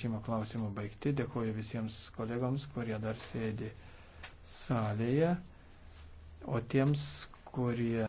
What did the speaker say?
šimo klausimu baigti. Dėkuoju visiems kolegoms, kurie dar sėdi salėje, o tiems, kurie